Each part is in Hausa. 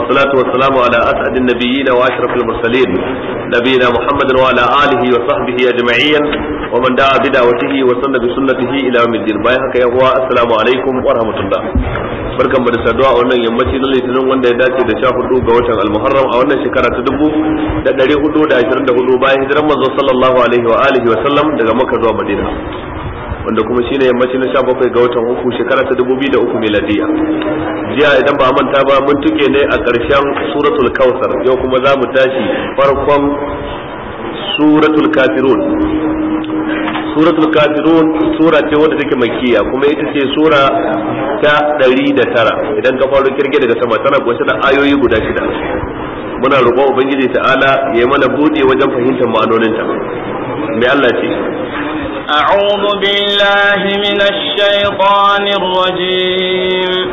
والصلاة والسلام على أسعد النبيين وأشرف المرسلين نبينا محمد وعلى آله وصحبه أجمعين ومن دعا بدعوته وسن بسنته إلى يوم الدين باي حكا يقوى السلام عليكم ورحمة الله barkan mu da saduwa a wannan yammaci na litinin wanda ya dace da sha hudu ga watan almuharram a wannan shekara ta dubu da ɗari hudu da ashirin da hudu bayan hijiran manzo sallallahu alaihi wa alihi wa sallam daga makka zuwa madina wanda kuma shine yammacin na 17 ga watan uku shekara ta 2003 miladiya jiya idan ba manta ba mun tuke ne a ƙarshen suratul kautsar yau kuma za mu tashi farkon suratul kafirun suratul kafirun sura ce wadda take makiya kuma ita ce sura ta 109 idan ka faro kirge daga sama tana kwashe da ayoyi guda shida muna roƙon ubangiji ta'ala ya yi mana buɗe wajen fahimtar ma'anoninta mai Allah ce أعوذ بالله من الشيطان الرجيم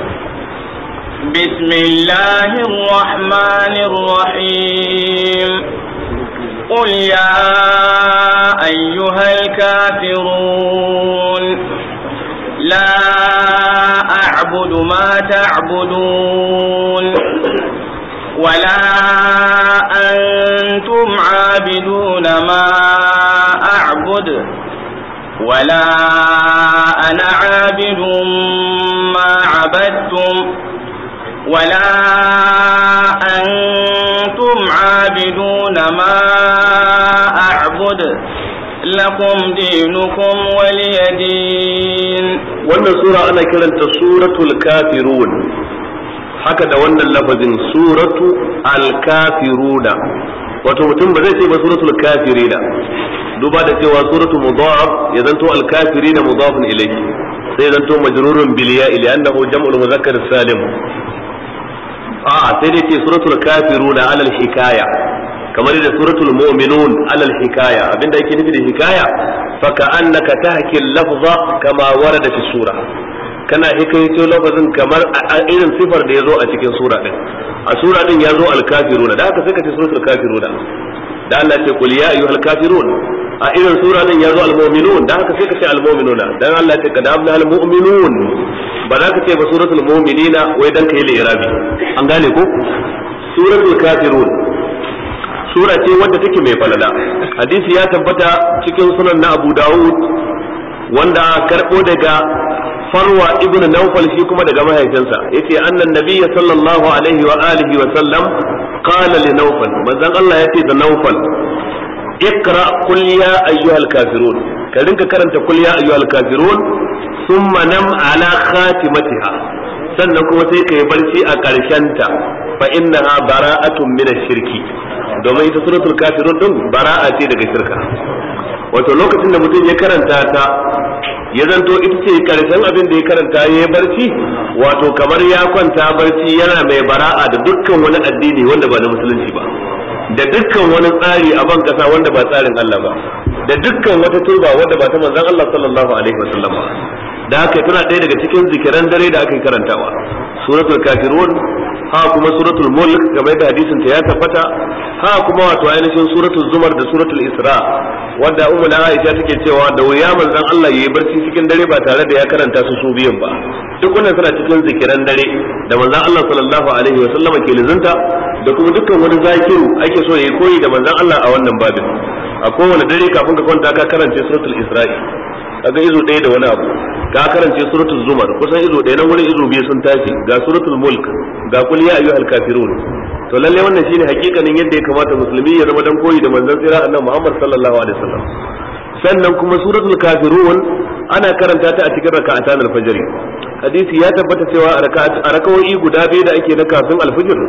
بسم الله الرحمن الرحيم قل يا أيها الكافرون لا أعبد ما تعبدون ولا أنتم عابدون ما أعبد ولا أنا عابد ما عبدتم ولا أنتم عابدون ما أعبد لكم دينكم ولي دين wannan sura ana kiranta suratul kafirun haka da wannan lafazin suratu al-kafiruna wato mutum ba zai ce ba suratul kafirina duba da cewa suratul mudhaf ya zanto al kafirina mudhafun ilayhi sai zanto majrurun bil ya ila annahu jam'ul mudhakkar salim a sai dai ce suratul kafiruna alal hikaya kamar da suratul mu'minun alal hikaya abinda yake nufi da hikaya fa ka annaka tahki lafza kama warada fi sura kana hikaito lafazin kamar a irin sifar da ya zo a cikin sura din a sura din ya zo alkafiruna da haka sai ka ce suratul kafiru da Allah ce kul ya ayyuhal kafirun a irin sura din ya zo almu'minun da haka sai ka ce almu'minuna dan Allah ce kada almu'minun ba za ka ce ba suratul mu'minina wai dan kai lirabi an gane ko suratul kafirun sura ce wadda take mai falala hadisi ya tabbata cikin sunan na Abu Dawud wanda karbo daga farwa ibnu nawfal shi kuma daga mahaifinsa yace annan nabiyya sallallahu alaihi wa alihi wa sallam qala li nawfal Allah ya ce nawfal ikra qul ya ayyuhal kafirun ka rinka karanta qul ya ayyuhal kafirun thumma nam ala khatimatiha sannan kuma sai ka yi barci a karshen ta fa innaha bara'atun min shirki domin ita suratul kafirun din bara'a ce daga shirka wato lokacin da mutum ya karanta ta ya zanto ita ce karshen abin da ya karanta ya yi barci wato kamar ya kwanta barci yana mai bara'a da dukkan wani addini wanda ba na musulunci ba da dukkan wani tsari a ban kasa wanda ba tsarin Allah ba da dukkan wata turba wanda ba ta manzon Allah sallallahu alaihi wasallam da haka tana ɗaya daga cikin zikiran dare da aka karantawa suratul kafirun ha kuma suratul mulk game da hadisin ta ya tabbata ha kuma wato ainihin suratul zumar da suratul isra wanda ummu na aisha take cewa da wuya manzon Allah yayi barci cikin dare ba tare da ya karanta su su biyan ba duk wannan suna cikin zikiran dare da manzon Allah sallallahu alaihi wa sallama ke lizinta? da kuma dukkan wani zakiru ake so yayi koyi da manzon Allah a wannan babin a kowane dare kafin ka kwanta ka karanta suratul isra'i kaga izo ɗaya da wani abu ga karance suratul zumar kusan izo ɗaya na wurin izo biyu sun tashi ga suratul mulk ga kul ya al kafirun to lalle wannan shine hakikanin yadda ya kamata musulmi ya zama dan koyi da manzon tsira annabi Muhammad sallallahu alaihi wasallam sannan kuma suratul kafirun ana karanta ta a cikin raka'atan al-fajr hadisi ya tabbata cewa a raka'o'i guda biyu da ake na kafin alfijir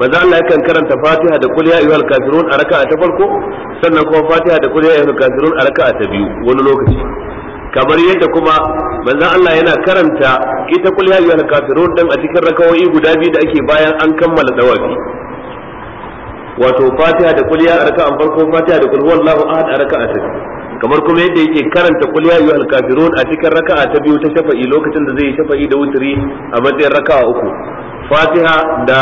manzo Allah yakan karanta Fatiha da kul ya ayyuhal kafirun a raka'a ta farko sannan kuma Fatiha da kul ya ayyuhal kafirun a raka'a ta biyu wani lokaci kamar yadda kuma manzon Allah yana karanta ita kul ya ayyuhal kafirun dan a cikin rakawoyi guda biyu da ake bayan an kammala dawafi wato fatiha da kul ya raka'an farko fatiha da kul huwallahu ahad a raka'a ta kamar kuma yadda yake karanta kul ya ayyuhal kafirun a cikin raka'a ta biyu ta shafa'i lokacin da zai shafa'i da wutri a matsayin raka'a uku fatiha da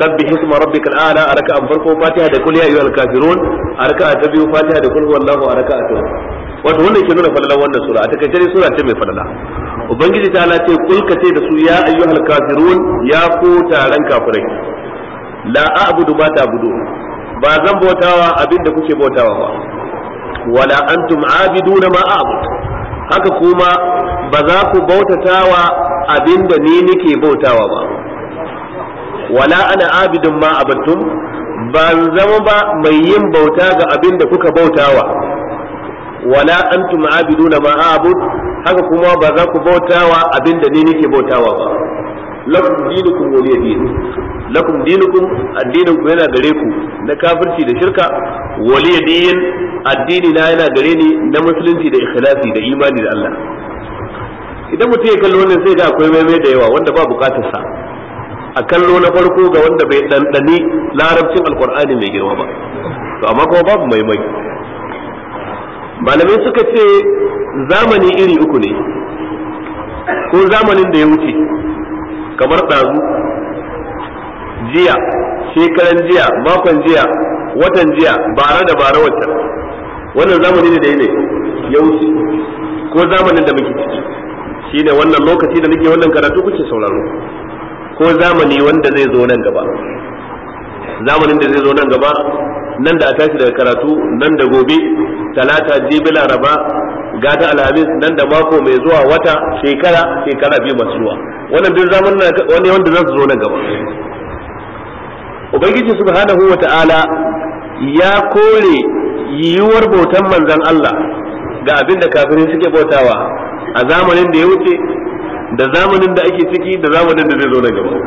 sabbi hisma rabbika al'ala a an farko fatiha da kul ya ayyuhal kafirun a raka'a ta biyu fatiha da kul wallahu a raka'a ta wato wannan ke nuna falalan wannan sura a takaice ne sura ce mai falala ubangiji ta ala ce kul ka da su ya ayyuhal kafirun ya ku taran kafirai la a'budu ma ta'budu ba zan bautawa da kuke bautawa ba wala antum abiduna ma a'budu haka kuma ba za ku bautatawa da ni nake bautawa ba wala ana abidun ma abattum ban zama ba mai yin bauta ga abin da kuka bautawa wala antum abiduna ma abud haka kuma ba za ku bautawa abin da ni nake bautawa ba lakum dinukum waliya din lakum dinukum addinin ku yana gare ku na kafirci da shirka waliya din addini na yana gare ni na musulunci da ikhlasi da imani da Allah idan mutum ya kalli wannan sai ga akwai maimai da yawa wanda ba bukatar sa a kallo na farko ga wanda bai ɗanɗani larabcin alkur'ani mai girma ba to amma kuma babu maimai malamai suka ce zamani iri uku ne ko zamanin da ya wuce kamar ɗazu jiya shekaran jiya makon jiya watan jiya bara da bara watan wannan zamani ne da ya ne ya wuce ko zamanin da muke ciki ne wannan lokaci da nake wannan karatu kuke sauraro ko zamani wanda zai zo nan gaba zamanin da zai zo nan gaba nan da a tashi daga karatu nan da gobe talata jibi laraba gata alhamis nan da mako mai zuwa wata shekara shekara biyu masu zuwa wannan duk zamanin wani wanda zai zo nan gaba ubangiji subhanahu wata'ala ya kore yiwuwar bautan manzon Allah ga abin da kafirin suke bautawa a zamanin da ya wuce da zamanin da ake ciki da zamanin da zai zo na gaba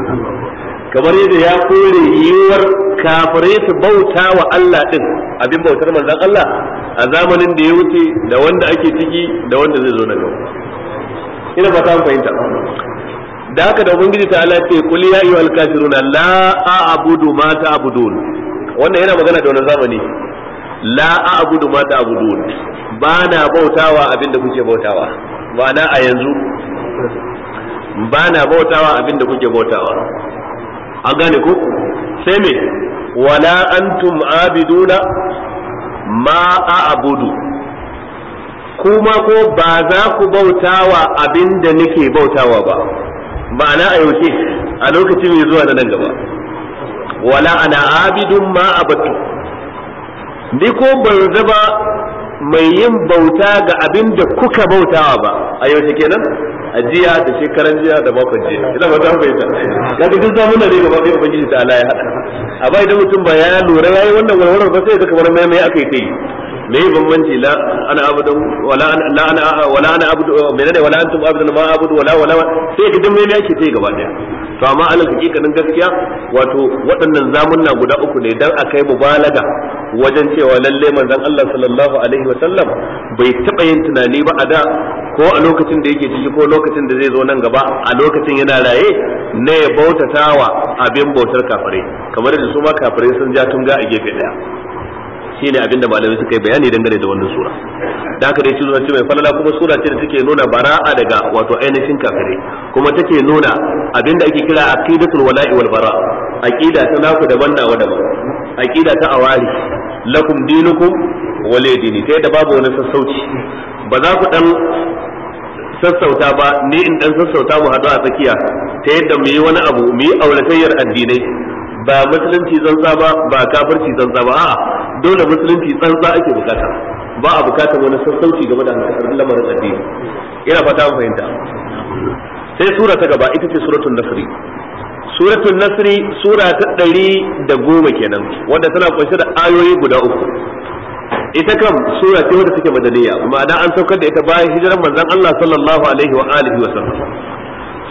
kamar yadda ya kore yiwuwar kafare su bauta wa Allah din abin bautar manzon Allah a zamanin da ya wuce da wanda ake ciki da wanda zai zo na gaba ina ba ta fahimta da haka da ubangiji ta Allah ce qul ya ayyuhal kafiruna la a'budu ma ta'budun wannan yana magana da wani zamani la a'budu ma ta'budun ba na bautawa abin da kuke bautawa na a yanzu ba na bautawa abinda kuke bautawa an gane ku sai me wala antum abiduna ma a'budu kuma ko ba za ku bautawa abinda nake bautawa ba ma'ana a ayoke a lokacin mai zuwa na nan gaba wala ana abidun ma abatu ni ko ban zaba mai yin bauta ga abinda kuka bautawa ba a yaushe kenan a jiya da shekaran jiya da bakon jiya ina fata ku ita ga duk zamun da gaba ɗaya ubangiji ta Allah ya hada a bai da mutum ba ya lura yayi wannan walwalar ba sai ya kamar mai mai akai kai me yi bambanci la ana abudu wala la ana wala ana abudu menene wala antum abudu ma abudu wala wala sai ga dumme yake sai gaba daya to amma alal hakikanin gaskiya wato waɗannan zamunna guda uku ne dan akai mubalaga wajen cewa lalle manzon Allah sallallahu alaihi Wasallam bai taɓa yin tunani ba a da ko a lokacin da yake ciki ko lokacin da zai zo nan gaba a lokacin yana raye na ya bautatawa abin bautar kafare, kamar da su ma sun ja tunga a gefe daya shine abin da malamai suka yi bayani dangane da wannan sura da haka dai shi zuwa mai falala kuma sura ce da take nuna bara'a daga wato ainihin kafire kuma take nuna abin da ake kira aqidatul wala'i wal bara aqida ta naku daban nawa daban aqida ta awari lakum dinukum dini sai da babu wani sassauci ba za ku dan sassauta ba ni in dan sassauta mu hadu a tsakiya ta yadda mu yi wani abu mu yi auratayyar addinai ba musulunci zan ba ba kafirci zan ba a'a dole musulunci tsantsa ake bukata ba a bukatar wani sassauci game da harkar lamarin addini ina fata an fahimta sai sura ta gaba ita ce suratul nasri suratul nasri sura ta ɗari da goma kenan wanda tana kunshe da ayoyi guda uku ita kam sura ce wadda take madaniya ma'ana an saukar da ita bayan hijiran manzon Allah sallallahu alaihi wa alihi wa sallam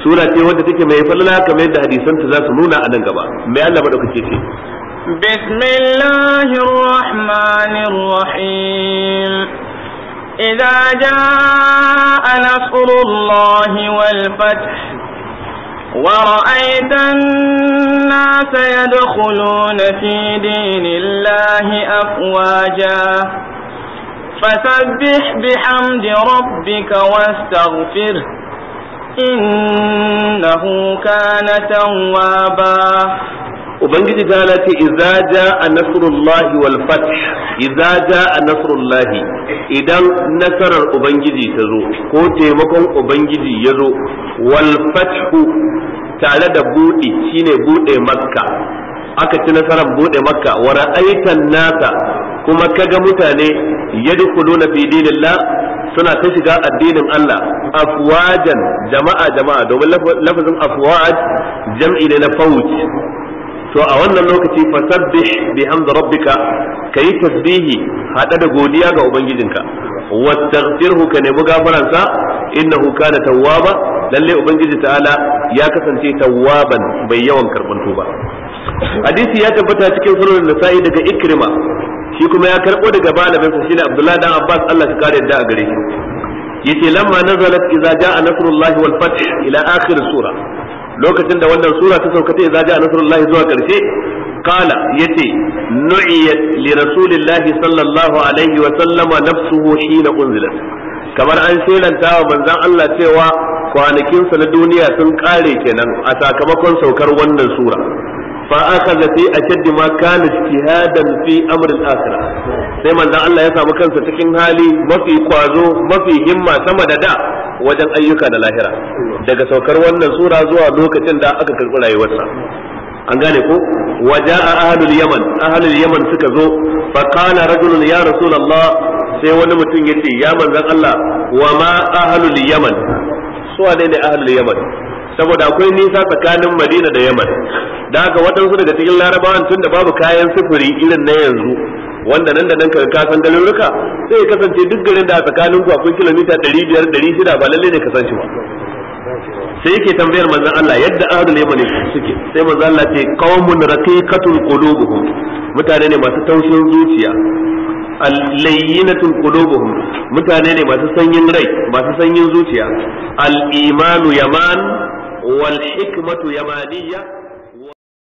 sura ce wadda take mai falala kamar yadda hadisan ta za su nuna a nan gaba mai Allah madaukake ce بسم الله الرحمن الرحيم إذا جاء نصر الله والفتح ورأيت الناس يدخلون في دين الله أفواجا فسبح بحمد ربك واستغفره إنه كان توابا ubangiji ta ce idza a nasrullahi wal fath idza a nasrullahi idan nasarar ubangiji ta zo ko taimakon ubangiji ya zo wal fathu tare da buɗe shine buɗe makka aka ci nasarar buɗe makka wa ra'aitan nasa kuma kaga mutane yadkhuluna fi dinillah suna ta shiga addinin Allah afwajan jama'a jama'a domin lafazin afwaj jam'i ne na fawj to a wannan lokaci fasabbih bihamdi rabbika kayi tasbihi hada da godiya ga ubangijinka wastaghfirhu ka nemi gafaransa innahu kana tawwaba lalle ubangiji ta'ala ya kasance tawwaban bai yawan karban tuba hadisi ya tabbata cikin sunan nasa'i daga ikrima shi kuma ya karbo daga malamin sa shine abdullahi dan abbas Allah ya kare da a gare shi yace lamma nazalat idza jaa nasrullahi wal fath ila akhir sura lokacin da wannan sura ta sauka ta idza ja'a nasrullahi zuwa karshe qala yace nu'iyat li rasulillahi sallallahu alaihi wa sallama nafsuhu hina unzilat kamar an shelanta wa manzon Allah cewa kwanakinsa na duniya sun kare kenan a sakamakon saukar wannan sura fa akhadha fi ashaddi ma kana ijtihadan fi amr al sai manzon Allah ya samu kansa cikin hali mafi kwazo mafi himma sama da da wajen ayyuka na lahira daga saukar wannan sura zuwa lokacin da aka karɓi rayuwarsa an gane ko a ahlul yaman ahlul yaman suka zo fa qala rajulun ya rasulullah sai wani mutum yace ya manzon Allah wa ma ahlul yaman su dai ne ahlul yaman saboda akwai nisa tsakanin Madina da Yaman da haka waɗansu daga cikin Larabawan tun da babu kayan sufuri irin na yanzu wanda nan da nan ka ka san garuruka sai ya kasance duk garin da a tsakanin ku akwai kilomita 500 600 ba lalle ne ka san shi ba sai yake tambayar manzon Allah yadda ahlul yaman suke sai manzon Allah ce qaumun raqiqatul qulubuhum mutane ne masu taushin zuciya al-layyinatul qulubuhum mutane ne masu sanyin rai masu sanyin zuciya al imanu yaman wal hikmatu yamaniyya